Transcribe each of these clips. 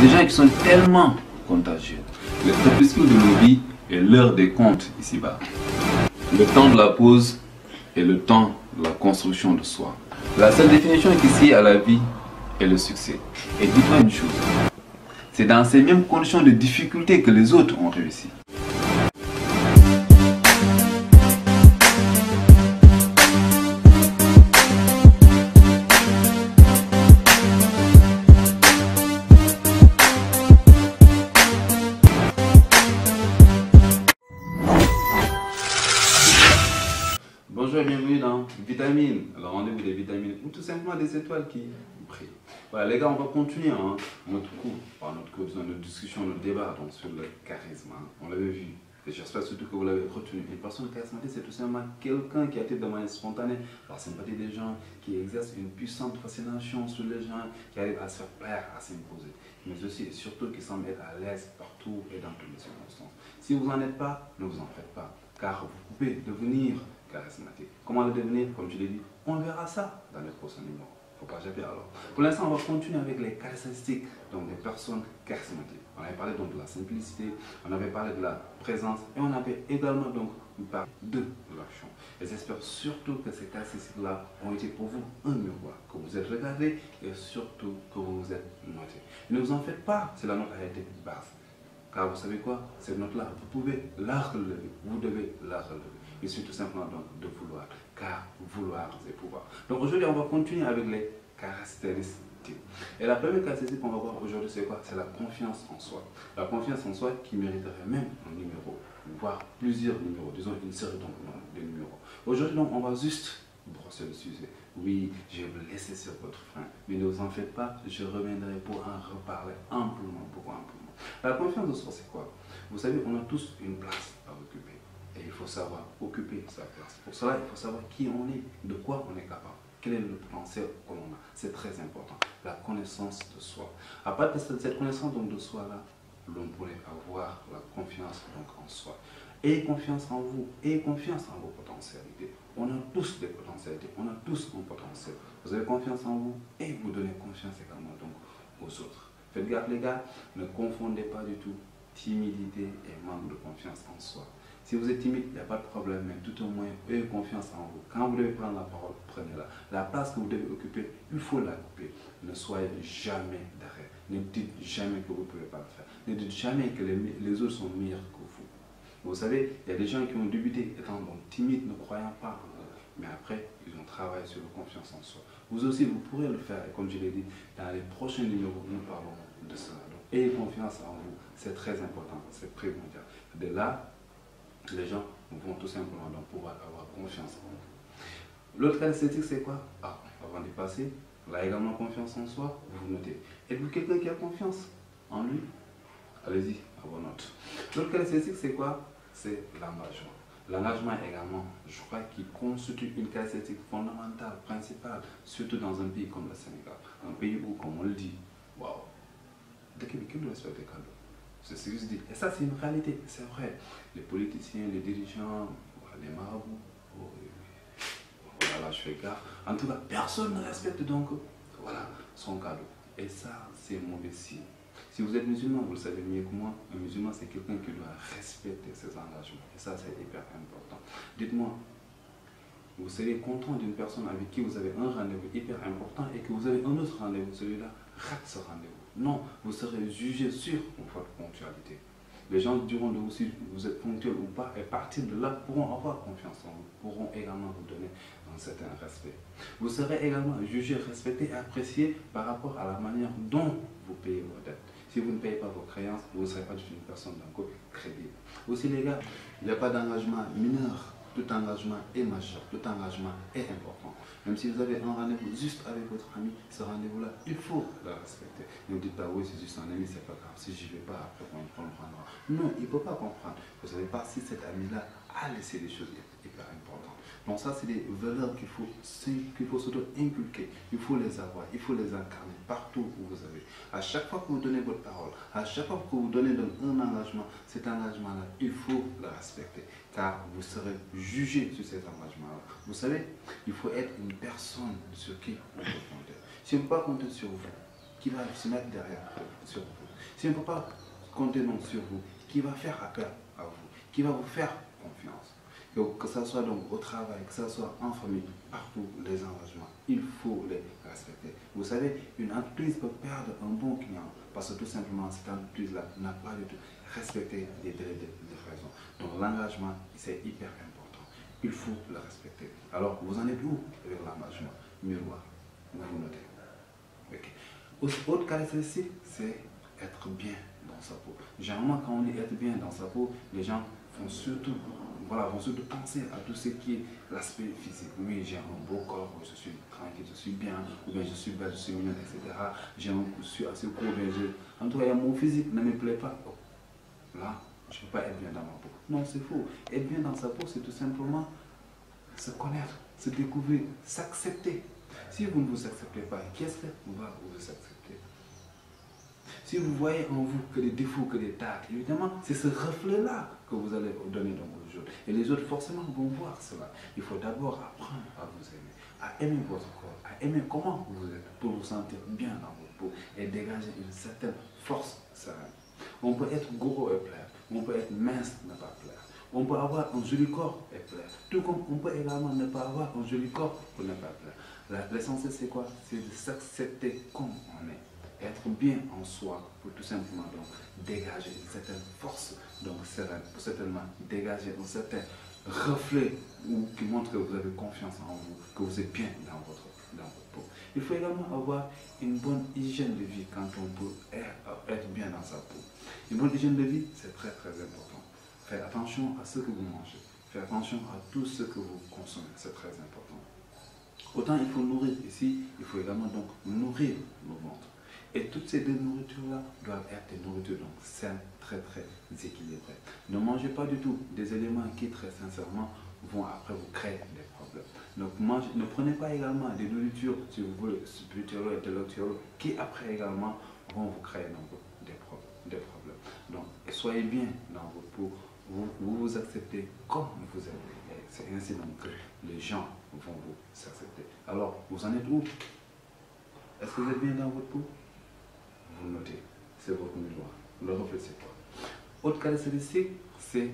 des gens qui sont tellement contagieux. Le crépuscule de nos vies est l'heure des comptes ici-bas. Le temps de la pause est le temps de la construction de soi. La seule définition qui s'y à la vie est le succès. Et dites-moi une chose, c'est dans ces mêmes conditions de difficulté que les autres ont réussi. simplement des étoiles qui brillent. Voilà, les gars, on va continuer hein. notre cours, notre notre discussion, notre débat donc, sur le charisme. Hein. On l'avait vu. Et j'espère surtout que vous l'avez retenu. Une personne charismatique, c'est tout simplement quelqu'un qui active de manière spontanée par sympathie des gens, qui exerce une puissante fascination sur les gens, qui arrive à se faire plaire, à s'imposer. Mais aussi et surtout qui semble être à l'aise partout et dans toutes les circonstances. Si vous n'en êtes pas, ne vous en faites pas. Car vous pouvez devenir charismatique. Comment le devenir Comme je l'ai dit, on verra ça dans les prochains numéro. Faut pas alors. Pour l'instant, on va continuer avec les caractéristiques donc des personnes charismatiques. On avait parlé donc de la simplicité, on avait parlé de la présence et on avait également donc de l'action. Et j'espère surtout que ces caractéristiques-là ont été pour vous un miroir, que vous êtes regardé et surtout que vous vous êtes noté. Ne vous en faites pas, c'est la note a été basse. Car vous savez quoi Cette note-là, vous pouvez la relever, vous devez la relever. Mais tout simplement donc de vouloir, car vouloir, c'est pouvoir. Donc aujourd'hui, on va continuer avec les caractéristiques. Et la première caractéristique qu'on va voir aujourd'hui, c'est quoi C'est la confiance en soi. La confiance en soi qui mériterait même un numéro, voire plusieurs numéros, disons une série donc, de numéros. Aujourd'hui, donc, on va juste brosser le sujet. Oui, je vais vous laisser sur votre faim, mais ne vous en faites pas, je reviendrai pour en reparler amplement, pour amplement. La confiance en soi, c'est quoi Vous savez, on a tous une place à occuper. Il faut savoir occuper sa place. Pour cela, il faut savoir qui on est, de quoi on est capable, quel est le potentiel qu'on a. C'est très important, la connaissance de soi. À partir de cette connaissance donc, de soi-là, l'on pourrait avoir la confiance en soi. Ayez confiance en vous, ayez confiance en vos potentialités. On a tous des potentialités, on a tous un potentiel. Vous avez confiance en vous et vous donnez confiance également donc, aux autres. Faites gaffe les gars, ne confondez pas du tout timidité et manque de confiance en soi. Si vous êtes timide, il n'y a pas de problème, mais tout au moins, ayez confiance en vous. Quand vous devez prendre la parole, prenez-la. La place que vous devez occuper, il faut la couper. Ne soyez jamais derrière. Ne dites jamais que vous ne pouvez pas le faire. Ne dites jamais que les, autres sont meilleurs que vous. Vous savez, il y a des gens qui ont débuté étant donc timides, ne croyant pas Mais après, ils ont travaillé sur la confiance en soi. Vous aussi, vous pourrez le faire. Et comme je l'ai dit, dans les prochains numéros, nous parlons de cela. ayez confiance en vous. C'est très important. C'est primordial. De là, les gens vont tout simplement donc pouvoir avoir confiance en vous. L'autre caractéristique, c'est quoi ah, Avant de passer, là également confiance en soi, vous notez. Et vous quelqu'un qui a confiance en lui Allez-y, à vos notes. L'autre caractéristique, c'est quoi C'est l'engagement. L'engagement également, je crois qu'il constitue une caractéristique fondamentale, principale, surtout dans un pays comme le Sénégal, un pays où, comme on le dit, waouh, dès que quelqu'un respecte quand c'est juste dit. Et ça, c'est une réalité, c'est vrai. Les politiciens, les dirigeants, les marabouts, oh, voilà, je fais gaffe. En tout cas, personne ne respecte donc voilà, son cadeau. Et ça, c'est mauvais signe. Si vous êtes musulman, vous le savez mieux que moi, un musulman, c'est quelqu'un qui doit respecter ses engagements. Et ça, c'est hyper important. Dites-moi, vous serez content d'une personne avec qui vous avez un rendez-vous hyper important et que vous avez un autre rendez-vous. Celui-là rate ce rendez-vous. Non, vous serez jugé sur votre ponctualité. Les gens diront de vous si vous êtes ponctuel ou pas, et partir de là pourront avoir confiance en vous, pourront également vous donner un certain respect. Vous serez également jugé, respecté et apprécié par rapport à la manière dont vous payez vos dettes. Si vous ne payez pas vos créances, vous ne serez pas une personne d'un coup crédible. Aussi les gars, il n'y a pas d'engagement mineur tout engagement est majeur, tout engagement est important. Même si vous avez un rendez-vous juste avec votre ami, ce rendez-vous-là, il faut le respecter. Ne vous dites pas, oui, c'est juste un ami, c'est pas grave. Si je vais pas, après, on comprendra. Non, il ne peut pas comprendre. Vous ne savez pas si cet ami-là a laissé les choses hyper importantes. Donc ça, c'est des valeurs qu'il faut, qu'il faut s'auto-inculquer. Il faut les avoir, il faut les incarner partout où vous avez. À chaque fois que vous donnez votre parole, à chaque fois que vous donnez un engagement, cet engagement-là, il faut le respecter. Car vous serez jugé sur cet engagement-là. Vous savez, il faut être une personne sur qui on peut compter. Si on ne peut pas compter sur vous, qui va se mettre derrière sur vous Si on ne peut pas compter non sur vous, qui va faire appel à vous Qui va vous faire confiance que ce soit donc au travail, que ce soit en famille, partout, les engagements, il faut les respecter. Vous savez, une entreprise peut perdre un bon client parce que tout simplement, cette entreprise-là n'a pas du tout respecté les délais de raison. Donc, l'engagement, c'est hyper important. Il faut le respecter. Alors, vous en êtes où avec l'engagement Miroir, vous notez. Autre caractéristique, c'est être bien dans sa peau. Généralement, quand on dit être bien dans sa peau, les gens font surtout voilà, vous de penser à tout ce qui est l'aspect physique. Oui, j'ai un beau corps, je suis tranquille, je suis bien, ou bien je suis belle, je suis mignonne, etc. J'ai un, coup assez court, bien je... En tout cas, mon physique ne me plaît pas. Là, je ne peux pas être bien dans ma peau. Non, c'est faux. Être bien dans sa peau, c'est tout simplement se connaître, se découvrir, s'accepter. Si vous ne vous acceptez pas, qu'est-ce que vous va vous accepter Si vous voyez en vous que des défauts, que des tâches, évidemment, c'est ce reflet-là que vous allez donner dans vous. Et les autres, forcément, vont voir cela. Il faut d'abord apprendre à vous aimer, à aimer votre corps, à aimer comment vous êtes pour vous sentir bien dans votre peau et dégager une certaine force sereine. On peut être gros et plaire, on peut être mince et ne pas plaire. On peut avoir un joli corps et plaire. Tout comme on peut également ne pas avoir un joli corps pour ne pas plaire. L'essentiel, c'est quoi C'est de s'accepter comme on est être bien en soi pour tout simplement donc dégager une certaine force donc sereine, pour certainement dégager un certain reflet ou qui montre que vous avez confiance en vous, que vous êtes bien dans votre, dans votre peau. Il faut également avoir une bonne hygiène de vie quand on peut être bien dans sa peau. Une bonne hygiène de vie, c'est très très important. faire attention à ce que vous mangez. faire attention à tout ce que vous consommez. C'est très important. Autant il faut nourrir ici, il faut également donc nourrir nos ventres. Et toutes ces deux nourritures-là doivent être des nourritures donc saines, très très équilibrées. Ne mangez pas du tout des éléments qui très sincèrement vont après vous créer des problèmes. Donc mangez, ne prenez pas également des nourritures, si vous voulez, spirituelles et intellectuelles, qui après également vont vous créer des, problèmes. Donc soyez bien dans votre peau. vous, vous, acceptez comme vous êtes. c'est ainsi donc que les gens vont vous accepter. Alors, vous en êtes où Est-ce que vous êtes bien dans votre peau vous notez, c'est votre Le reflet c'est pas. Autre caractéristique, c'est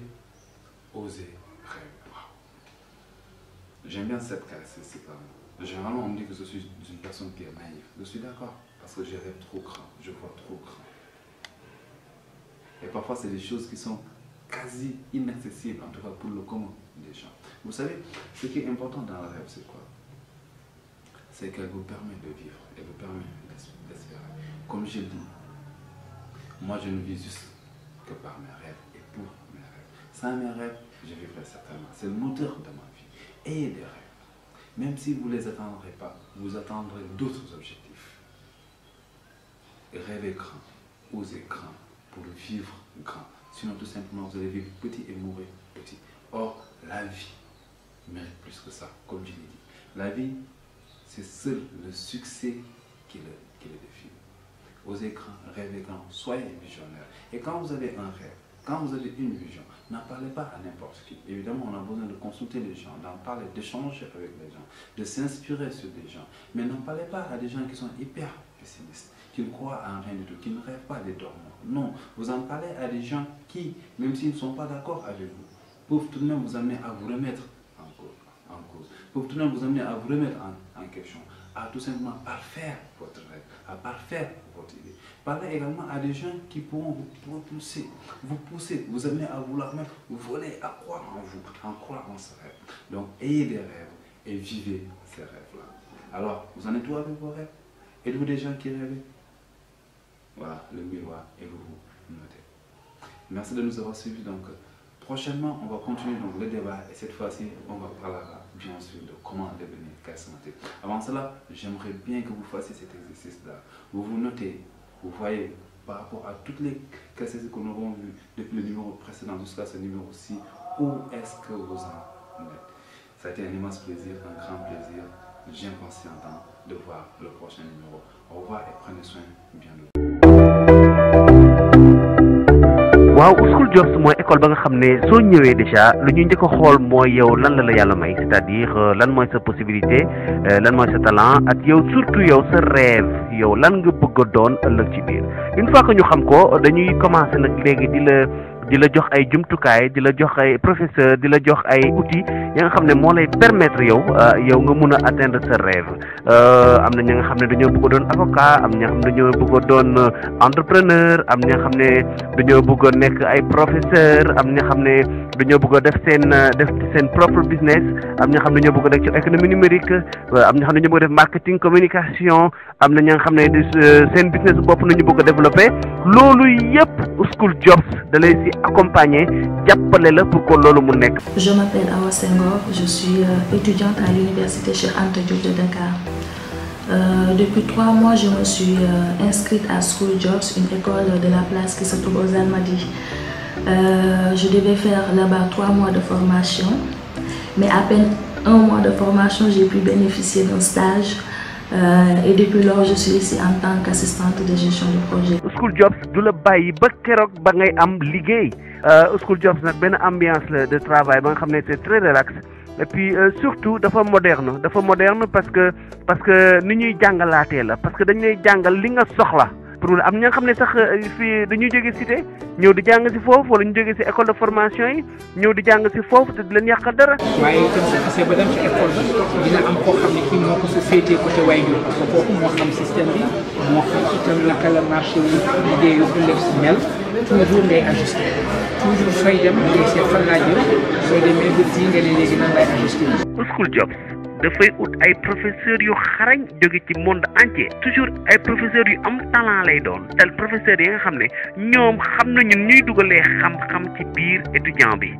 oser rêver. J'aime bien cette caractéristique-là. Généralement, on me dit que je suis une personne qui est naïve. Je suis d'accord, parce que je rêve trop grand, je vois trop grand. Et parfois, c'est des choses qui sont quasi inaccessibles, en tout cas pour le commun des gens. Vous savez, ce qui est important dans le rêve, c'est quoi C'est qu'elle vous permet de vivre, elle vous permet d'espérer. Comme je dis, moi je ne vis juste que par mes rêves et pour mes rêves. Sans mes rêves, je vivrai certainement. C'est le moteur de ma vie. Ayez des rêves. Même si vous ne les attendrez pas, vous attendrez d'autres objectifs. rêvez grand, osez grand, pour vivre grand. Sinon, tout simplement, vous allez vivre petit et mourir petit. Or, la vie mérite plus que ça, comme je l'ai dit. La vie, c'est seul le succès qui le, qui le définit aux écrans, rêvez grand, soyez visionnaire. Et quand vous avez un rêve, quand vous avez une vision, n'en parlez pas à n'importe qui. Évidemment, on a besoin de consulter les gens, d'en parler, d'échanger avec les gens, de s'inspirer sur des gens. Mais n'en parlez pas à des gens qui sont hyper pessimistes, qui ne croient en rien du tout, qui ne rêvent pas de dormir, Non, vous en parlez à des gens qui, même s'ils ne sont pas d'accord avec vous, peuvent tout de même vous amener à vous remettre en cause, peuvent tout vous amener à vous remettre en question à tout simplement parfaire votre rêve, à parfaire votre idée. Parlez également à des gens qui pourront vous pousser, vous pousser, vous amener à vouloir vous voler, à croire en vous, à croire en ce rêve. Donc ayez des rêves et vivez ces rêves-là. Alors, vous en êtes où avec vos rêves Êtes-vous des gens qui rêvent Voilà, le miroir et vous vous notez. Merci de nous avoir suivis. Donc, prochainement, on va continuer le débat et cette fois-ci, on va parler ensuite de comment devenir charismatique. Avant cela, j'aimerais bien que vous fassiez cet exercice-là. Vous vous notez, vous voyez, par rapport à toutes les cassettes que nous avons vues depuis le numéro précédent jusqu'à ce numéro-ci, où est-ce que vous en êtes Ça a été un immense plaisir, un grand plaisir. J'ai impatient de voir le prochain numéro. Au revoir et prenez soin bien de vous. waaw school jobs mooy école ba nga xam ne soo ñëwee déjà lu ñu njëkk a xool mooy yow lan la la yàlla may c'est-à-dire euh, lan mooy sa possibilité euh, lan mooy sa talent ak yow surtout yow sa rêve yow lan nga bëgg doon ëllëg ci biir une fois que ñu xam ko dañuy commencer nag léegi di la. di la jox ay jumtukaay di la jox ay professeur di la jox ay outil ya nga xam ne lay permettre yow euh, yow nga mun atteindre sa rêve euh, am na ñi nga xam bëgg doon avocat am bëgg doon euh, entrepreneur am ñi nga xam bëgg ay professeur am ñi nga xam bëgg def def propre business am ñi nga xam bëgg def ci économie numérique am ñi nga xam bëgg def marketing communication am na ñi nga xam business bopp nañu bëgg développer loolu yépp school jobs da lay pour je m'appelle Awa Senghor je suis euh, étudiante à l'université Cheikh Anta de Dakar euh, depuis trois mois je me suis euh, inscrite à School Jobs une école de la place qui se trouve aux je devais faire là-bas trois mois de formation mais à peine un mois de formation j'ai pu bénéficier d'un stage. Euh, et depuis lors, je suis ici en tant qu'assistante de gestion de projet. School Jobs du la ba keroog ba ngay am Au euh, School Jobs a une ambiance de travail c'est très relax et puis euh, surtout dafa moderne dafa moderne parce que parce que ni ñuy de la parce que nous lay jàngal li nga soxla. problème am ñoo xam ne sax euh, fii dañuy jóge cité ñëw di jàng si foofu wala ñu jóge si école de formation yi ñëw di jàng si foofu te di leen yàqal dara. waaye itam su xasee ba dem ci école bi dina ko moo xam système bi moo xam itam naka la marché wu liggéeyu ëllëg si mel toujours ngay ajusté toujours sooy dem ngay seet fan laa jëm soo demee ba fii nga ne léegi nan lay ajusté. School Jobs. dafay ut ay professeurs yu xarañ jóge ci monde entier toujours ay professeurs yu am talent lay doon te professeurs yi nga xam ne ñoom xam nañu ñuy dugalee xam-xam ci biir étudiant bi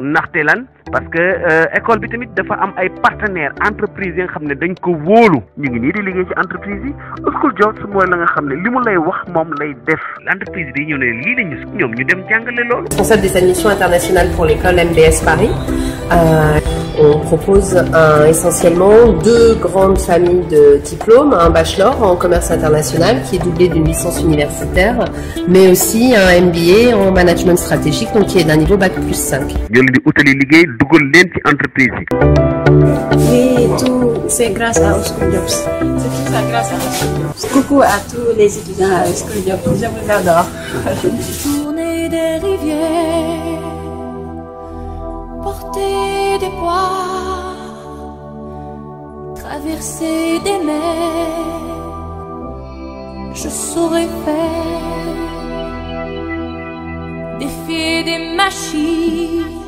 ndaxte lan parce que euh, école bi tamit dafa am ay partenaires entreprise yi nga xam ne dañ ko wóolu ñu ngi nii di liggéey ci entreprise yi school jobs mooy la nga xam ne li mu lay wax moom lay def entreprise bi ñëw ne lii la ñu ñoom ñu dem jàngale loolu. concept des admissions internationales pour l'école MBS Paris. Euh, on propose un, essentiellement deux grandes familles de diplômes, un bachelor en commerce international qui est doublé d'une licence universitaire, mais aussi un MBA en management stratégique, donc qui est d'un niveau bac plus 5 dugal tout c'est grâce à Ouskoul c'est tout ça grâce à Ouskoul coucou à tous les étudiants à Ouskoul Jobs je vous adore. tournée des rivières porter des poids traverser des mers je saurais faire défier des machines